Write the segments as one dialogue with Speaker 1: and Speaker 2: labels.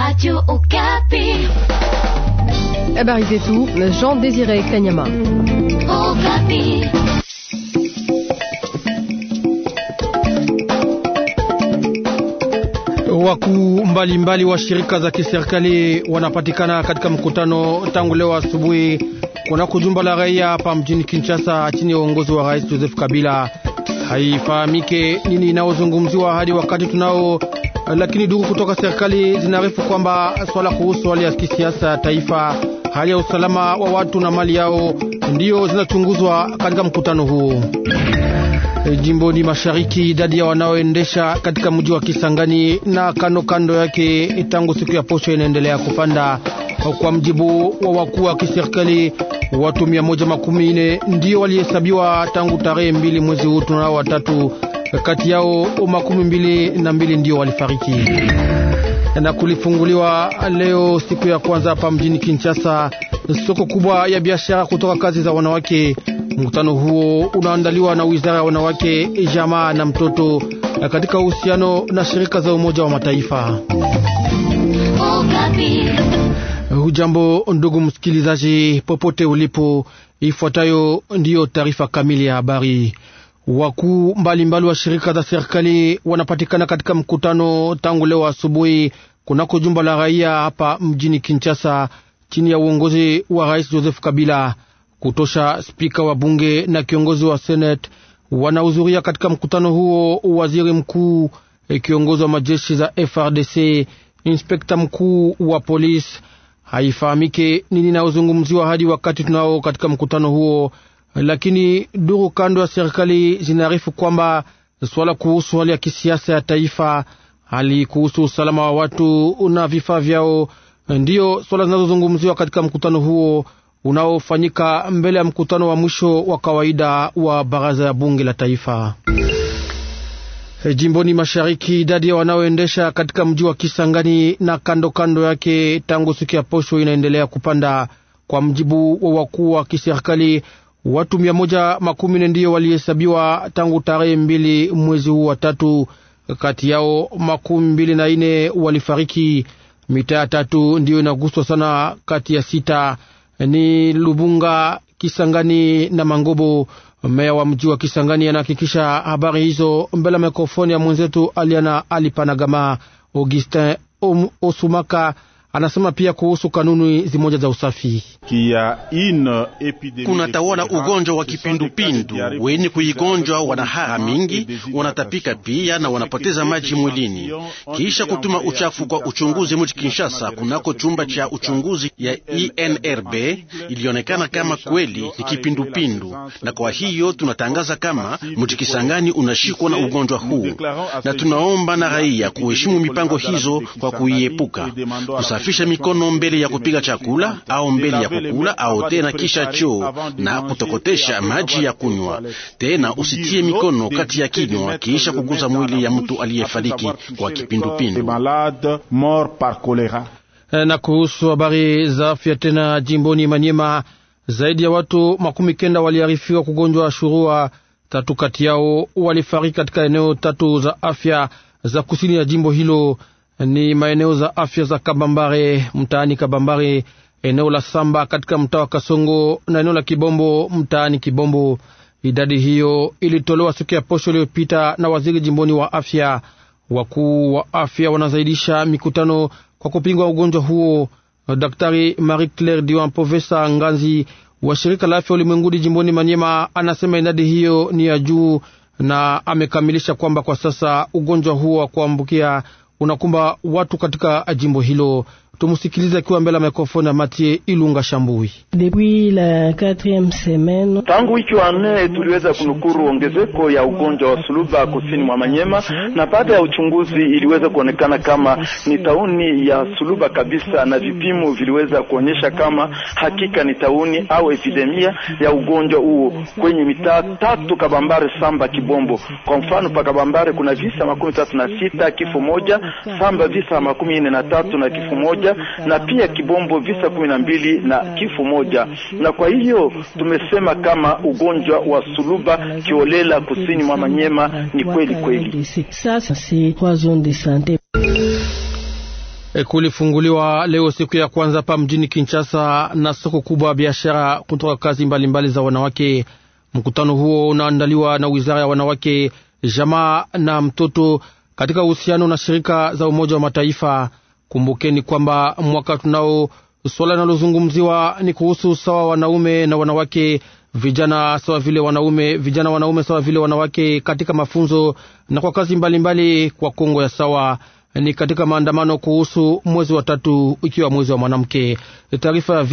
Speaker 1: Radio Okapi.
Speaker 2: Habari eh zetu na Jean Désiré Kanyama. Okapi.
Speaker 3: Wakuu mbalimbali wa shirika za kiserikali wanapatikana katika mkutano tangu leo asubuhi kuna kujumba la raia hapa mjini Kinshasa chini ya uongozi wa Rais Joseph Kabila. Haifahamike nini inaozungumziwa hadi wakati tunao Eh, lakini duru kutoka serikali zinaarifu kwamba swala kuhusu hali ya kisiasa ya taifa, hali ya usalama wa watu na mali yao ndiyo zinachunguzwa katika mkutano huu. Eh, jimboni mashariki, idadi ya wanaoendesha katika mji wa Kisangani na kando kando yake tangu siku ya posho inaendelea kupanda. Kwa mjibu wa wakuu wa kiserikali, watu mia moja makumi nne ndiyo walihesabiwa tangu tarehe mbili mwezi huu tunao watatu kati yao makumi mbili na mbili ndio walifariki. Na kulifunguliwa leo siku ya kwanza hapa mjini Kinshasa soko kubwa ya biashara kutoka kazi za wanawake. Mkutano huo unaandaliwa na wizara ya wanawake, jamaa na mtoto katika uhusiano na shirika za Umoja wa Mataifa. Hujambo ndugu msikilizaji, popote ulipo, ifuatayo ndiyo taarifa kamili ya habari. Wakuu mbalimbali wa shirika za serikali wanapatikana katika mkutano tangu leo asubuhi kunako jumba la raia hapa mjini Kinshasa, chini ya uongozi wa Rais Joseph Kabila. Kutosha spika wa bunge na kiongozi wa senate wanahudhuria katika mkutano huo: waziri mkuu, eh, kiongozi wa majeshi za FRDC, inspekta mkuu wa polisi. Haifahamike nini inayozungumziwa hadi wakati tunao katika mkutano huo lakini duru kando ya serikali zinaarifu kwamba swala kuhusu hali ya kisiasa ya taifa, hali kuhusu usalama wa watu na vifaa vyao, ndiyo swala zinazozungumziwa katika mkutano huo unaofanyika mbele ya mkutano wa mwisho wa kawaida wa baraza ya bunge la taifa. Jimboni mashariki, idadi ya wanaoendesha katika mji wa Kisangani na kando kando yake tangu siku ya posho inaendelea kupanda, kwa mjibu wa wakuu wa kiserikali watu mia moja makumi nne ndiyo walihesabiwa tangu tarehe mbili mwezi huu wa tatu. Kati yao makumi mbili na ine walifariki. Mitaa tatu ndiyo inaguswa sana kati ya sita ni Lubunga, Kisangani na Mangobo. Meya wa mji wa Kisangani anahakikisha habari hizo mbele ya mikrofoni ya mwenzetu Aliana Alipanagama Augustin Osumaka. Anasema pia kuhusu kanuni zimoja za usafi. Kunatawala ugonjwa wa kipindupindu, wenye kuigonjwa wana mingi, wanatapika pia na wanapoteza maji mwilini, kisha kutuma uchafu kwa uchunguzi mji Kinshasa. Kunako chumba cha uchunguzi ya INRB ilionekana kama kweli ni kipindupindu, na kwa hiyo tunatangaza kama mji Kisangani unashikwa na ugonjwa huu, na tunaomba na raia kuheshimu mipango hizo kwa kuiepuka kusafisha mikono mbele ya kupiga chakula au mbele ya kukula au tena kisha choo na kutokotesha maji ya kunywa. Tena usitie mikono kati ya kinywa kisha kuguza mwili ya mtu aliyefariki kwa kipindupindu. Na kuhusu habari za afya tena jimboni Manyema, zaidi ya watu makumi kenda waliarifiwa kugonjwa shurua. Tatu kati yao walifariki katika eneo tatu za afya za kusini ya jimbo hilo ni maeneo za afya za Kabambare mtaani Kabambare, eneo la Samba katika mtaa wa Kasongo na eneo la Kibombo mtaani Kibombo. Idadi hiyo ilitolewa siku ya posho iliyopita na waziri jimboni wa afya. Wakuu wa afya wanazaidisha mikutano kwa kupingwa ugonjwa huo. Daktari Marie Claire Dion Povesa Nganzi wa shirika la afya ulimwenguni jimboni Manyema anasema idadi hiyo ni ya juu, na amekamilisha kwamba kwa sasa ugonjwa huo wa kuambukia unakumba watu katika jimbo hilo Tumusikilize akiwa mbele ya mikrofoni ya Matie Ilunga Shambui. Tangu wiki wa nne tuliweza kunukuru ongezeko ya ugonjwa wa suluba kusini mwa Manyema, na baada ya uchunguzi iliweza kuonekana kama ni tauni ya suluba kabisa, na vipimo viliweza kuonyesha kama hakika ni tauni au epidemia ya ugonjwa huo kwenye mitaa tatu Kabambare, Samba, Kibombo. Kwa mfano pa Kabambare kuna visa makumi tatu na sita kifo moja, Samba visa makumi nne na tatu na kifo moja moja na pia kibombo visa kumi na mbili na kifo moja, na kwa hiyo tumesema kama ugonjwa wa suluba kiolela kusini mwa Manyema ni kweli kweli. Eh, kulifunguliwa leo siku ya kwanza pa mjini Kinshasa na soko kubwa ya biashara kutoka kazi mbalimbali mbali za wanawake. Mkutano huo unaandaliwa na wizara ya wanawake, jamaa na mtoto katika uhusiano na shirika za Umoja wa Mataifa. Kumbukeni kwamba mwaka tunao swala linalozungumziwa ni kuhusu sawa wanaume na wanawake, vijana sawa vile wanaume, vijana wanaume sawa vile wanawake katika mafunzo na kwa kazi mbalimbali mbali kwa Kongo ya sawa ni katika maandamano kuhusu mwezi wa tatu ikiwa mwezi wa mwanamke. Taarifa ya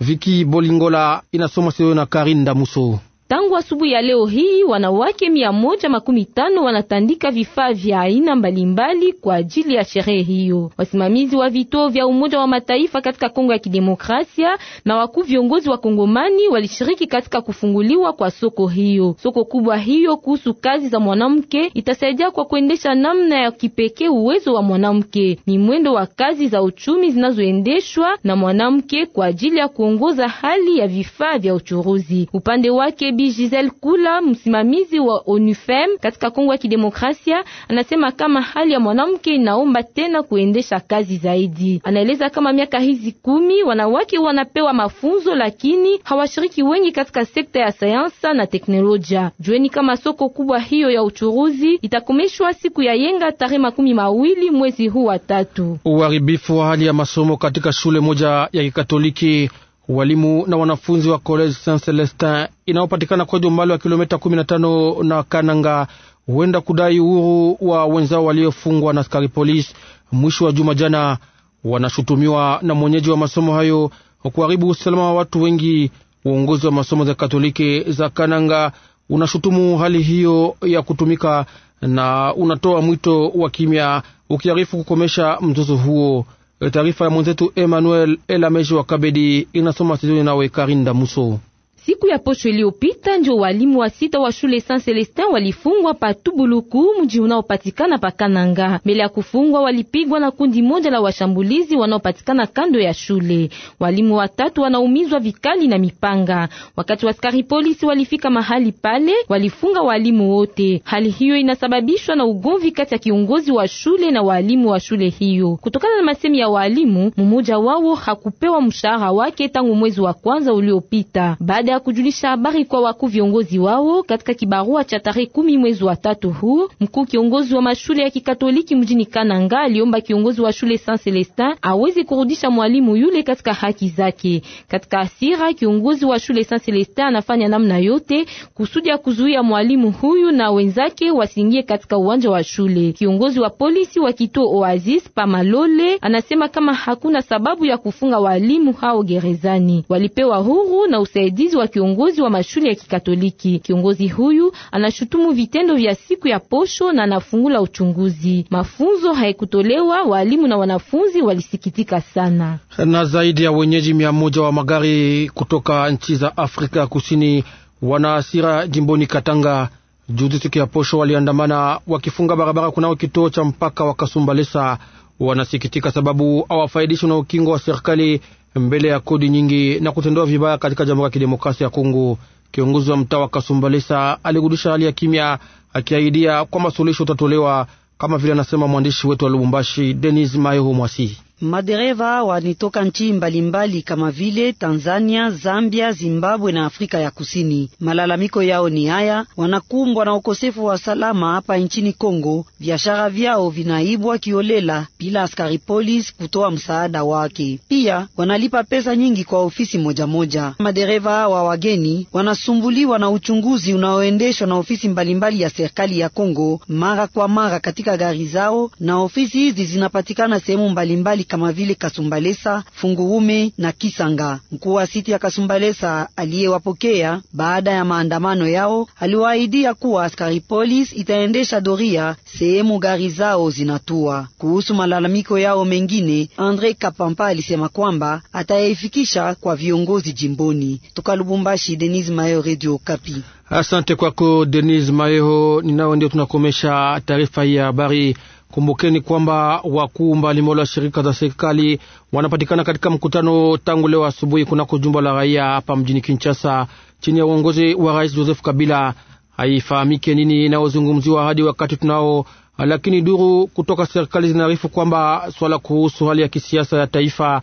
Speaker 3: Viki Bolingola inasoma sio na Karin Damuso.
Speaker 1: Tangu asubuhi ya leo hii wanawake mia moja makumi tano wanatandika vifaa vya aina mbalimbali kwa ajili ya sherehe hiyo. Wasimamizi wa vituo vya Umoja wa Mataifa katika Kongo ya Kidemokrasia na wakuu viongozi wa Kongomani walishiriki katika kufunguliwa kwa soko hiyo. Soko kubwa hiyo kuhusu kazi za mwanamke itasaidia kwa kuendesha namna ya kipekee uwezo wa mwanamke, ni mwendo wa kazi za uchumi zinazoendeshwa na mwanamke kwa ajili ya kuongoza hali ya vifaa vya uchuruzi. Upande wake Bibi Giselle Kula, msimamizi wa ONUFEM katika Kongo ya Kidemokrasia, anasema kama hali ya mwanamke inaomba tena kuendesha kazi zaidi. Anaeleza kama miaka hizi kumi wanawake wanapewa mafunzo, lakini hawashiriki wengi katika sekta ya sayansa na teknolojia. Jueni kama soko kubwa hiyo ya uchuruzi itakomeshwa siku ya yenga tarehe makumi mawili mwezi huu wa tatu.
Speaker 3: Uharibifu wa hali ya masomo katika shule moja ya Kikatoliki walimu na wanafunzi wa College Saint Celestin inayopatikana kwenye umbali wa kilomita 15 na Kananga huenda kudai uhuru wa wenzao waliofungwa na askari polisi mwisho wa juma jana. Wanashutumiwa na mwenyeji wa masomo hayo kuharibu usalama wa watu wengi. Uongozi wa masomo za Katoliki za Kananga unashutumu hali hiyo ya kutumika na unatoa mwito wa kimya ukiharifu kukomesha mzozo huo. E, taarifa ya mwenzetu Emmanuel Elameji wa Kabedi inasoma sizoni nawe Karinda Muso.
Speaker 1: Siku ya posho iliyopita ndio walimu wa sita wa shule San Celestin walifungwa pa Tubuluku, mji unaopatikana pa Kananga. Mbele ya kufungwa, walipigwa na kundi moja la washambulizi wanaopatikana kando ya shule. Walimu watatu wanaumizwa vikali na mipanga. Wakati wa askari polisi walifika mahali pale, walifunga walimu wote. Hali hiyo inasababishwa na ugomvi kati ya kiongozi wa shule na walimu wa shule hiyo. Kutokana na masemi ya walimu, mmoja wao hakupewa mshahara wake tangu mwezi wa kwanza uliopita baada baada ya kujulisha habari kwa wakuu viongozi wao katika kibarua cha tarehe kumi mwezi wa tatu huu. Mkuu kiongozi wa mashule ya Kikatoliki mjini Kananga aliomba kiongozi wa shule Saint Celestin aweze kurudisha mwalimu yule katika haki zake. Katika asira, kiongozi wa shule Saint Celestin anafanya namna yote kusudia kuzuia mwalimu huyu na wenzake wasiingie katika uwanja wa shule. Kiongozi wa polisi wa kituo Oasis Pamalole anasema kama hakuna sababu ya kufunga walimu hao gerezani, walipewa huru na usaidizi wa kiongozi wa mashule ya Kikatoliki. Kiongozi huyu anashutumu vitendo vya siku ya posho na anafungula uchunguzi. Mafunzo haikutolewa, walimu na wanafunzi walisikitika sana.
Speaker 3: Na zaidi ya wenyeji mia moja wa magari kutoka nchi za Afrika Kusini wanaasira jimboni Katanga. Juzi siku ya posho waliandamana wakifunga barabara kunao kituo cha mpaka wa Kasumbalesa. Wanasikitika sababu hawafaidishwi na ukingo wa serikali mbele ya kodi nyingi na kutendewa vibaya katika Jamhuri ya Kidemokrasia ya Kongo. Kiongozi wa mtaa wa Kasumbalesa aligudisha hali ya kimya, akiahidia kwamba suluhisho utatolewa kama vile anasema mwandishi wetu wa Lubumbashi, Denis Mayo Mwasi.
Speaker 2: Madereva wanitoka nchi mbalimbali kama vile Tanzania, Zambia, Zimbabwe na Afrika ya Kusini. Malalamiko yao ni haya: wanakumbwa na ukosefu wa salama hapa nchini Kongo, biashara vyao vinaibwa kiolela bila askari polisi kutoa msaada wake. Pia wanalipa pesa nyingi kwa ofisi moja moja. Madereva wa wageni wanasumbuliwa na uchunguzi unaoendeshwa na ofisi mbalimbali ya serikali ya Kongo mara kwa mara katika gari zao, na ofisi hizi zinapatikana sehemu mbalimbali kama vile Kasumbalesa, Funguhume na Kisanga. Mkuu wa siti ya Kasumbalesa aliyewapokea baada ya maandamano yao aliwaahidia kuwa askari polisi itaendesha doria sehemu gari zao zinatua. Kuhusu malalamiko yao mengine, Andre Kapampa alisema kwamba atayaifikisha kwa viongozi jimboni. Toka Lubumbashi, Denis Mayo, Radio Kapi.
Speaker 3: Asante kwako Denis Mayo. Ninao ndio tunakomesha taarifa hii ya habari. Kumbukeni kwamba wakuu mbalimbali wa shirika za serikali wanapatikana katika mkutano tangu leo asubuhi kunako jumba la raia hapa mjini Kinshasa chini ya uongozi wa Rais Joseph Kabila. Haifahamike nini inayozungumziwa hadi wakati tunao, lakini duru kutoka serikali zinaarifu kwamba swala kuhusu hali ya kisiasa ya taifa,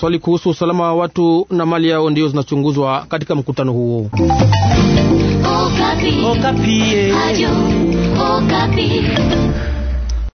Speaker 3: swali kuhusu usalama wa watu na mali yao ndiyo zinachunguzwa katika mkutano huo.
Speaker 2: Okapi. Okapi. Eh.